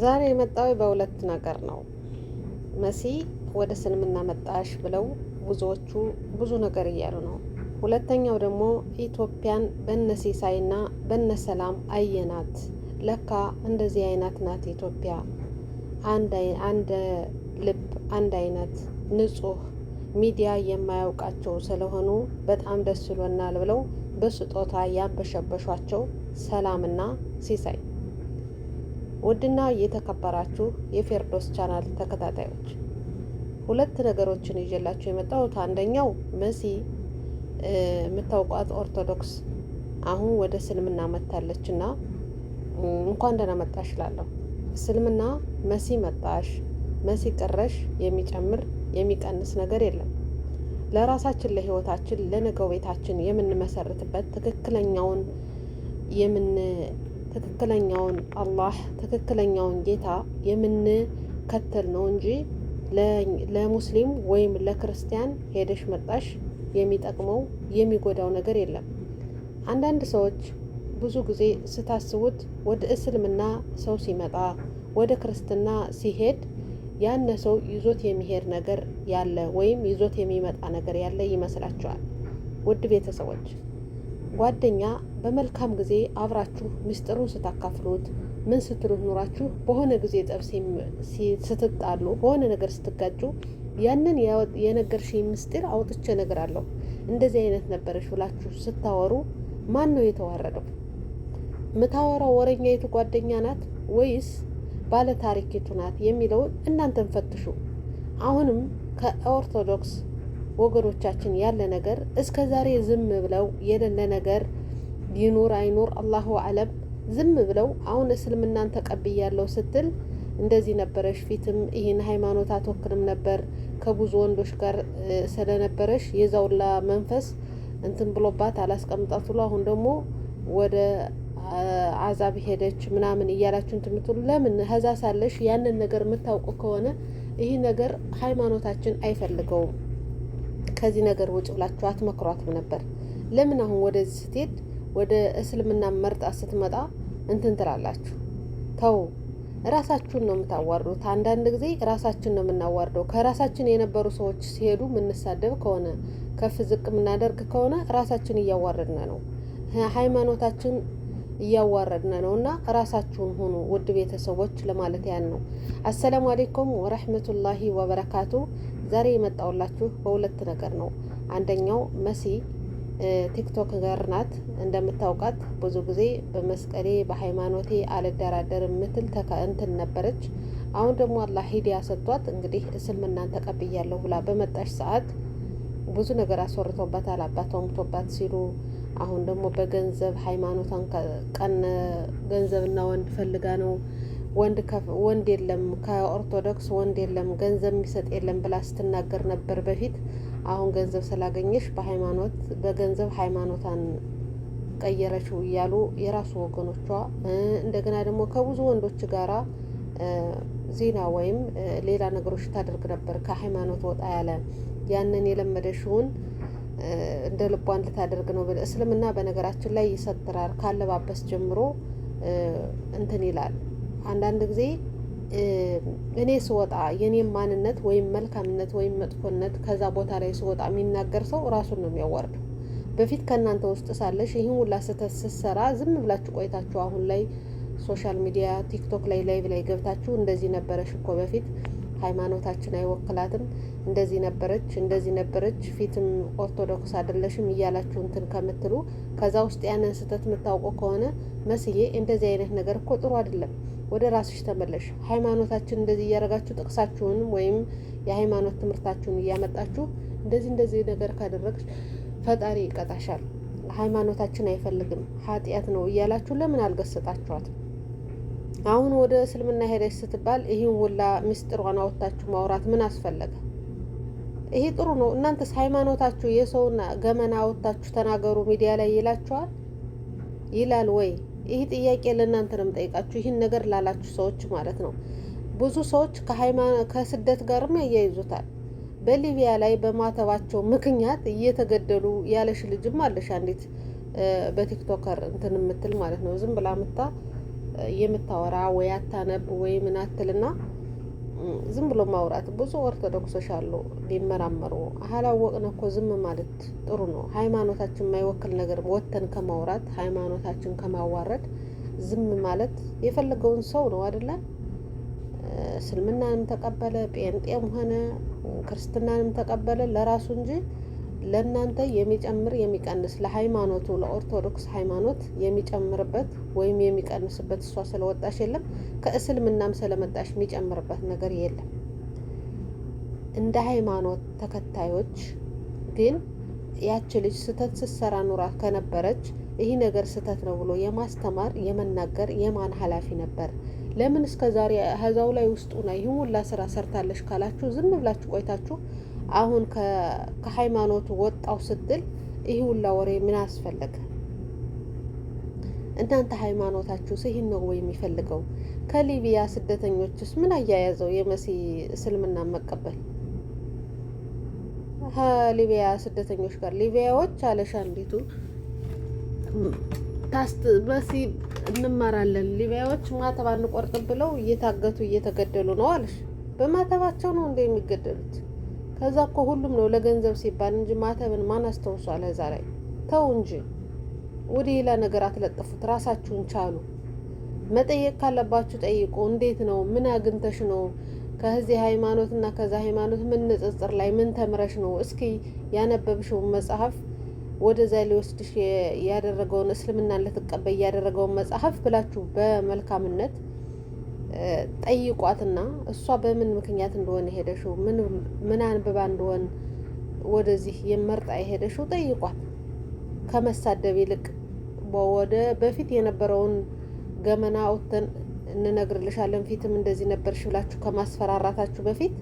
ዛሬ የመጣው በሁለት ነገር ነው። መሲ ወደ እስልምና መጣሽ ብለው ብዙዎቹ ብዙ ነገር እያሉ ነው። ሁለተኛው ደግሞ ኢትዮጵያን በነ ሲሳይና በነ ሰላም አየናት፣ ለካ እንደዚህ አይነት ናት ኢትዮጵያ። አንድ ልብ፣ አንድ አይነት ንጹህ ሚዲያ የማያውቃቸው ስለሆኑ በጣም ደስ ይሎናል ብለው በስጦታ ያንበሸበሿቸው ሰላምና ሲሳይ ውድና የተከበራችሁ የፌርዶስ ቻናል ተከታታዮች ሁለት ነገሮችን ይዤላችሁ የመጣሁት አንደኛው መሲ የምታውቋት ኦርቶዶክስ አሁን ወደ እስልምና መጥታለች እና እንኳን ደህና መጣሽ እላለሁ። እስልምና መሲ መጣሽ መሲ ቀረሽ የሚጨምር የሚቀንስ ነገር የለም። ለራሳችን ለህይወታችን፣ ለነገው ቤታችን የምንመሰርትበት ትክክለኛውን የምን ትክክለኛውን አላህ ትክክለኛውን ጌታ የምንከተል ነው እንጂ ለሙስሊም ወይም ለክርስቲያን ሄደሽ መጣሽ የሚጠቅመው የሚጎዳው ነገር የለም። አንዳንድ ሰዎች ብዙ ጊዜ ስታስቡት ወደ እስልምና ሰው ሲመጣ ወደ ክርስትና ሲሄድ ያነ ሰው ይዞት የሚሄድ ነገር ያለ ወይም ይዞት የሚመጣ ነገር ያለ ይመስላቸዋል። ውድ ቤተሰቦች ጓደኛ በመልካም ጊዜ አብራችሁ ምስጢሩን ስታካፍሉት ምን ስትሉት ኑራችሁ በሆነ ጊዜ ጠብ ስትጣሉ፣ በሆነ ነገር ስትጋጩ ያንን የነገርሽኝ ምስጢር አውጥቼ እነግራለሁ እንደዚህ አይነት ነበረች ብላችሁ ስታወሩ ማን ነው የተዋረደው? ምታወራው ወሬኛይቱ ጓደኛ ናት ወይስ ባለ ታሪኪቱ ናት የሚለውን እናንተን ፈትሹ። አሁንም ከኦርቶዶክስ ወገኖቻችን ያለ ነገር እስከ ዛሬ ዝም ብለው የሌለ ነገር ይኑር አይኑር አላሁ አለም ዝም ብለው አሁን እስልምናን ተቀብያለሁ ስትል እንደዚህ ነበረሽ፣ ፊትም ይህን ሃይማኖት አትወክልም ነበር፣ ከብዙ ወንዶች ጋር ስለነበረሽ የዛውላ መንፈስ እንትን ብሎባት አላስቀምጣት ብሎ አሁን ደግሞ ወደ አዛብ ሄደች ምናምን እያላችሁ እንትን የምትሉ ለምን ህዛ ሳለሽ ያንን ነገር የምታውቁ ከሆነ ይህ ነገር ሃይማኖታችን አይፈልገውም፣ ከዚህ ነገር ውጭ ብላችሁ አትመክሯትም ነበር? ለምን አሁን ወደዚህ ስትሄድ ወደ እስልምና መርጣ ስትመጣ እንትን ትላላችሁ። ተው፣ ራሳችሁን ነው የምታዋርዱት። አንዳንድ ጊዜ ራሳችን ነው የምናዋርደው። ከራሳችን የነበሩ ሰዎች ሲሄዱ የምንሳደብ ከሆነ ከፍ ዝቅ የምናደርግ ከሆነ ራሳችን እያዋረድነ ነው፣ ሃይማኖታችን እያዋረድነ ነው። እና ራሳችሁን ሁኑ ውድ ቤተሰቦች ለማለት ያን ነው። አሰላሙ አሌይኩም ወረህመቱላሂ ወበረካቱ። ዛሬ የመጣውላችሁ በሁለት ነገር ነው። አንደኛው መሲ ቲክቶክ ገር ናት እንደምታውቃት ብዙ ጊዜ በመስቀሌ በሃይማኖቴ አልደራደር የምትል እንትን ነበረች። አሁን ደግሞ አላህ ሂዲያ ሰጥቷት እንግዲህ እስልምናን ተቀብያለሁ ብላ በመጣች ሰዓት ብዙ ነገር አስወርቶባታል። አባቷ ሙቶባት ሲሉ አሁን ደግሞ በገንዘብ ሃይማኖቷን ቀን ገንዘብና ወንድ ፈልጋ ነው ወንድ የለም ከኦርቶዶክስ ወንድ የለም ገንዘብ የሚሰጥ የለም ብላ ስትናገር ነበር በፊት አሁን ገንዘብ ስላገኘሽ በሃይማኖት በገንዘብ ሃይማኖቷን ቀየረችው እያሉ የራሱ ወገኖቿ እንደገና ደግሞ ከብዙ ወንዶች ጋራ ዜና ወይም ሌላ ነገሮች ታደርግ ነበር። ከሃይማኖት ወጣ ያለ ያንን የለመደሽውን እንደ ልቧን ልታደርግ ነው። እስልምና በነገራችን ላይ ይሰትራል። ካለባበስ ጀምሮ እንትን ይላል አንዳንድ ጊዜ እኔ ስወጣ የኔ ማንነት ወይም መልካምነት ወይም መጥፎነት ከዛ ቦታ ላይ ስወጣ የሚናገር ሰው ራሱን ነው የሚያዋርደው። በፊት ከእናንተ ውስጥ ሳለሽ ይህን ሁላ ስህተት ስትሰራ ዝም ብላችሁ ቆይታችሁ አሁን ላይ ሶሻል ሚዲያ ቲክቶክ ላይ ላይቭ ላይ ገብታችሁ እንደዚህ ነበረሽ እኮ በፊት ሃይማኖታችን አይወክላትም፣ እንደዚህ ነበረች፣ እንደዚህ ነበረች፣ ፊትም ኦርቶዶክስ አይደለሽም እያላችሁ እንትን ከምትሉ ከዛ ውስጥ ያንን ስህተት የምታውቀው ከሆነ መስዬ እንደዚህ አይነት ነገር እኮ ጥሩ አይደለም፣ ወደ ራስሽ ተመለሽ። ሃይማኖታችን እንደዚህ እያደረጋችሁ ጥቅሳችሁንም ወይም የሃይማኖት ትምህርታችሁን እያመጣችሁ እንደዚህ እንደዚህ ነገር ካደረግሽ ፈጣሪ ይቀጣሻል፣ ሃይማኖታችን አይፈልግም፣ ኃጢአት ነው እያላችሁ ለምን አልገሰጣችኋትም? አሁን ወደ እስልምና ሄደች ስትባል ይህን ውላ ሚስጥሯን አወጣችሁ ማውራት ምን አስፈለገ? ይሄ ጥሩ ነው። እናንተስ ሃይማኖታችሁ የሰውና ገመና አወጣችሁ ተናገሩ ሚዲያ ላይ ይላችኋል ይላል ወይ? ይህ ጥያቄ ለእናንተ ነው የምጠይቃችሁ፣ ይህን ነገር ላላችሁ ሰዎች ማለት ነው። ብዙ ሰዎች ከስደት ጋርም ያያይዙታል። በሊቢያ ላይ በማተባቸው ምክንያት እየተገደሉ ያለሽ ልጅም አለሽ አንዲት በቲክቶከር እንትን የምትል ማለት ነው ዝም ብላ ምታ የምታወራ ወይ አታነብ ወይ ምን አትልና ዝም ብሎ ማውራት። ብዙ ኦርቶዶክሶች አሉ ሊመራመሩ። አላወቅን እኮ ዝም ማለት ጥሩ ነው። ሃይማኖታችን የማይወክል ነገር ወተን ከማውራት ሃይማኖታችን ከማዋረድ ዝም ማለት የፈለገውን ሰው ነው አደለ። እስልምናንም ተቀበለ ጴንጤም ሆነ ክርስትናንም ተቀበለ ለራሱ እንጂ ለእናንተ የሚጨምር የሚቀንስ ለሃይማኖቱ ለኦርቶዶክስ ሃይማኖት የሚጨምርበት ወይም የሚቀንስበት እሷ ስለወጣሽ የለም። ከእስልምናም ስለመጣሽ የሚጨምርበት ነገር የለም። እንደ ሃይማኖት ተከታዮች ግን ያች ልጅ ስህተት ስትሰራ ኑራ ከነበረች ይህ ነገር ስህተት ነው ብሎ የማስተማር የመናገር የማን ኃላፊ ነበር? ለምን እስከ ዛሬ ህዛው ላይ ውስጡ ና ይህን ሁላ ስራ ሰርታለች ካላችሁ ዝም ብላችሁ ቆይታችሁ አሁን ከሃይማኖቱ ወጣው ስትል ይህ ሁላ ወሬ ምን አስፈለገ? እናንተ ሃይማኖታችሁስ ይህን ነው ወይ የሚፈልገው? ከሊቢያ ስደተኞችስ ምን አያያዘው የመሲ እስልምና መቀበል ከሊቢያ ስደተኞች ጋር? ሊቢያዎች አለሽ አንዲቱ ታስት መሲ እንማራለን ሊቢያዎች ማተብ አንቆርጥም ብለው እየታገቱ እየተገደሉ ነው አለሽ። በማተባቸው ነው እንደ የሚገደሉት ከዛ እኮ ሁሉም ነው ለገንዘብ ሲባል እንጂ ማተብን ማን አስተውሷል? እዛ ላይ ተው እንጂ ወደ ሌላ ነገር አትለጥፉት። ራሳችሁን ቻሉ። መጠየቅ ካለባችሁ ጠይቁ። እንዴት ነው? ምን አግኝተሽ ነው? ከዚህ ሃይማኖት እና ከዛ ሃይማኖት ምን ንጽጽር ላይ ምን ተምረሽ ነው? እስኪ ያነበብሽውን መጽሐፍ ወደዛ ሊወስድሽ ያደረገውን እስልምናን ልትቀበይ ያደረገውን መጽሐፍ ብላችሁ በመልካምነት ጠይቋትና እሷ በምን ምክንያት እንደሆነ የሄደሽው ምን አንብባ እንደሆን ወደዚህ የመርጣ የሄደሽው ጠይቋት። ከመሳደብ ይልቅ ወደ በፊት የነበረውን ገመና ወተን እንነግርልሻለን ፊትም እንደዚህ ነበርሽ ብላችሁ ከማስፈራራታችሁ በፊት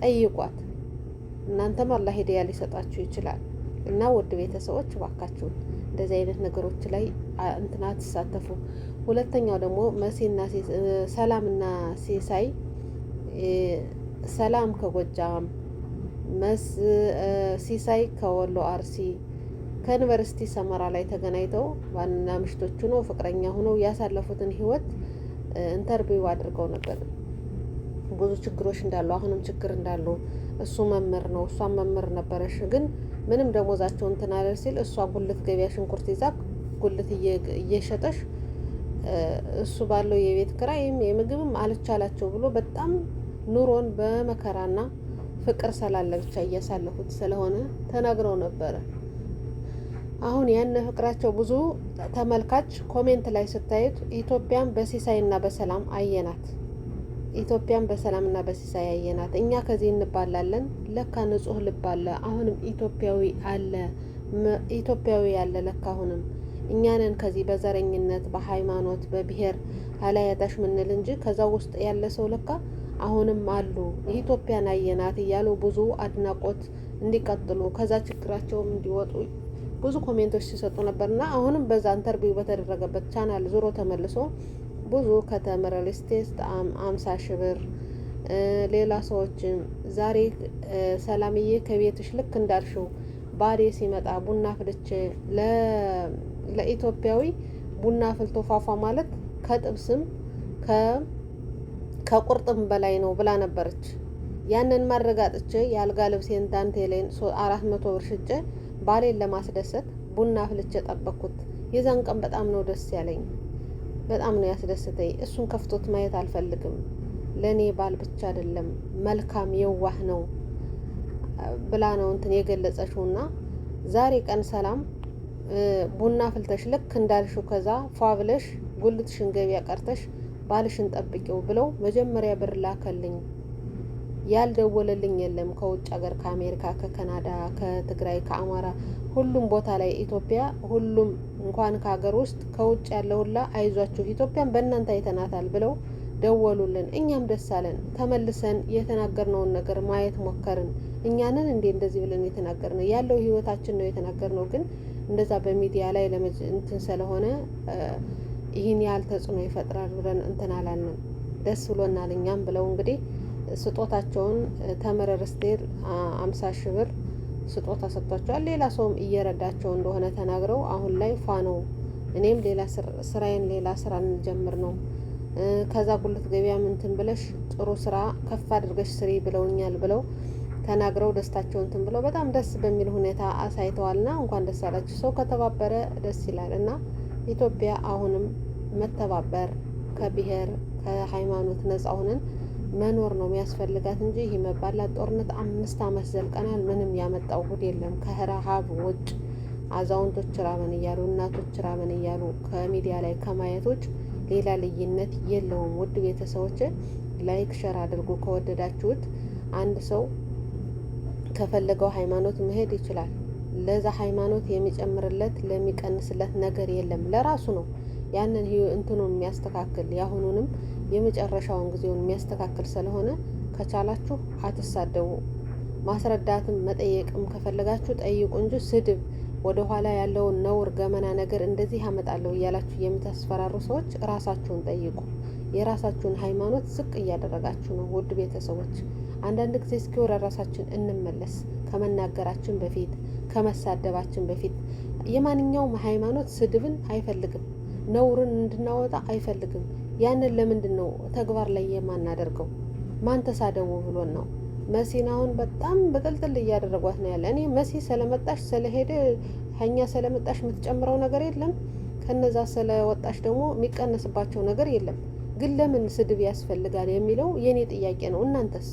ጠይቋት። እናንተም አላህ ሂዳያ ሊሰጣችሁ ይችላል። እና ውድ ቤተሰቦች እባካችሁን እንደዚህ አይነት ነገሮች ላይ እንትና አትሳተፉ። ሁለተኛው ደግሞ መሲና ሰላምና ሲሳይ ሰላም ከጎጃም መስ ሲሳይ ከወሎ አርሲ ከዩኒቨርሲቲ ሰመራ ላይ ተገናኝተው ዋና ምሽቶቹ ነው ፍቅረኛ ሆነው ያሳለፉትን ህይወት ኢንተርቪው አድርገው ነበር። ብዙ ችግሮች እንዳሉ አሁንም ችግር እንዳሉ እሱ መምህር ነው እሷ መምህር ነበረሽ፣ ግን ምንም ደሞዛቸው እንትን አለ ሲል እሷ ጉልት ገበያ ሽንኩርት ይዛ ጉልት እየሸጠሽ እሱ ባለው የቤት ክራይም የምግብም አልቻላቸው ብሎ በጣም ኑሮን በመከራና ፍቅር ስላለ ብቻ እያሳለፉት ስለሆነ ተናግረው ነበረ። አሁን ያን ፍቅራቸው ብዙ ተመልካች ኮሜንት ላይ ስታዩት ኢትዮጵያን በሲሳይና በሰላም አየናት። ኢትዮጵያን በሰላምና በሲሳይ ያየናት እኛ ከዚህ እንባላለን። ለካ ንጹህ ልብ አለ፣ አሁንም ኢትዮጵያዊ አለ፣ ኢትዮጵያዊ ያለ ለካ አሁንም እኛንን ከዚህ በዘረኝነት በሃይማኖት በብሔር አላያጣሽ ምንል እንጂ ከዛ ውስጥ ያለ ሰው ለካ አሁንም አሉ። ኢትዮጵያን አየናት እያሉ ብዙ አድናቆት እንዲቀጥሉ ከዛ ችግራቸውም እንዲወጡ ብዙ ኮሜንቶች ሲሰጡ ነበርና አሁንም በዛ ኢንተርቪው በተደረገበት ቻናል ዞሮ ተመልሶ ብዙ ከተመረል ስቴት አምሳ ሺህ ብር ሌላ ሰዎችም ዛሬ ሰላምዬ ከቤትሽ ልክ እንዳልሽው ባሌ ሲመጣ ቡና ፍልቼ ለኢትዮጵያዊ ቡና ፍልቶ ፏፏ ማለት ከጥብስም ከቁርጥም በላይ ነው ብላ ነበረች። ያንን ማረጋጥቼ የአልጋ ልብሴን ዳንቴሌን አራት መቶ ብር ሽጬ ባሌን ለማስደሰት ቡና ፍልቼ ጠበቅኩት። የዛን ቀን በጣም ነው ደስ ያለኝ። በጣም ነው ያስደስተኝ። እሱን ከፍቶት ማየት አልፈልግም። ለእኔ ባል ብቻ አይደለም መልካም የዋህ ነው ብላ ነው እንትን የገለጸችውና ዛሬ ቀን ሰላም ቡና ፍልተሽ ልክ እንዳልሽው ከዛ ፏ ብለሽ ጉልትሽን ገቢያ ቀርተሽ ባልሽን ጠብቂው ብለው መጀመሪያ ብር ላከልኝ ያልደወለልኝ የለም። ከውጭ ሀገር ከአሜሪካ፣ ከካናዳ፣ ከትግራይ፣ ከአማራ ሁሉም ቦታ ላይ ኢትዮጵያ ሁሉም እንኳን ከሀገር ውስጥ ከውጭ ያለ ሁላ አይዟችሁ ኢትዮጵያን በእናንተ አይተናታል ብለው ደወሉልን። እኛም ደስ አለን። ተመልሰን የተናገርነውን ነገር ማየት ሞከርን። እኛንን እንዴ እንደዚህ ብለን የተናገርነው ያለው ህይወታችን ነው የተናገርነው። ግን እንደዛ በሚዲያ ላይ ለመእንትን ስለሆነ ይህን ያህል ተጽዕኖ ይፈጥራል ብለን እንትን አላልንም። ደስ ብሎናል እኛም ብለው እንግዲህ ስጦታቸውን ተምረር ስቴር አምሳ ሺህ ብር ስጦታ ሰጥቷቸዋል። ሌላ ሰውም እየረዳቸው እንደሆነ ተናግረው አሁን ላይ ፋ ነው እኔም ሌላ ስራዬን ሌላ ስራ እንጀምር ነው ከዛ ጉልት ገበያ ምንትን ብለሽ ጥሩ ስራ ከፍ አድርገሽ ስሪ ብለውኛል ብለው ተናግረው ደስታቸው ትን ብለው በጣም ደስ በሚል ሁኔታ አሳይተዋልና እንኳን ደስ አላችሁ። ሰው ከተባበረ ደስ ይላል እና ኢትዮጵያ አሁንም መተባበር ከብሔር ከሃይማኖት ነጻ ሆነን መኖር ነው የሚያስፈልጋት እንጂ ይህ መባላት ጦርነት አምስት አመት ዘልቀናል። ምንም ያመጣው ጉድ የለም ከረሀብ ውጭ አዛውንቶች ራበን እያሉ እናቶች ራበን እያሉ ከሚዲያ ላይ ከማየቶች ሌላ ልዩነት የለውም። ውድ ቤተሰቦች ላይክ ሸር አድርጎ ከወደዳችሁት አንድ ሰው ከፈለገው ሃይማኖት መሄድ ይችላል። ለዛ ሃይማኖት የሚጨምርለት ለሚቀንስለት ነገር የለም። ለራሱ ነው ያንን እንትኑ የሚያስተካክል ያሁኑንም የመጨረሻውን ጊዜውን የሚያስተካክል ስለሆነ ከቻላችሁ አትሳደቡ። ማስረዳትም መጠየቅም ከፈለጋችሁ ጠይቁ እንጂ ስድብ ወደኋላ ያለውን ነውር ገመና ነገር እንደዚህ ያመጣለሁ እያላችሁ የምታስፈራሩ ሰዎች ራሳችሁን ጠይቁ። የራሳችሁን ሃይማኖት ዝቅ እያደረጋችሁ ነው። ውድ ቤተሰቦች አንዳንድ ጊዜ እስኪ ወደ ራሳችን እንመለስ። ከመናገራችን በፊት ከመሳደባችን በፊት የማንኛውም ሃይማኖት ስድብን አይፈልግም፣ ነውርን እንድናወጣ አይፈልግም። ያንን ለምንድን ነው ተግባር ላይ የማናደርገው? ማን ተሳደቡ ብሎን ነው? መሲን አሁን በጣም በጥልጥል እያደረጓት ነው ያለ። እኔ መሲ ስለመጣሽ ስለሄደ ሀኛ ስለመጣሽ የምትጨምረው ነገር የለም። ከነዛ ስለወጣሽ ደግሞ የሚቀነስባቸው ነገር የለም። ግን ለምን ስድብ ያስፈልጋል የሚለው የእኔ ጥያቄ ነው። እናንተስ?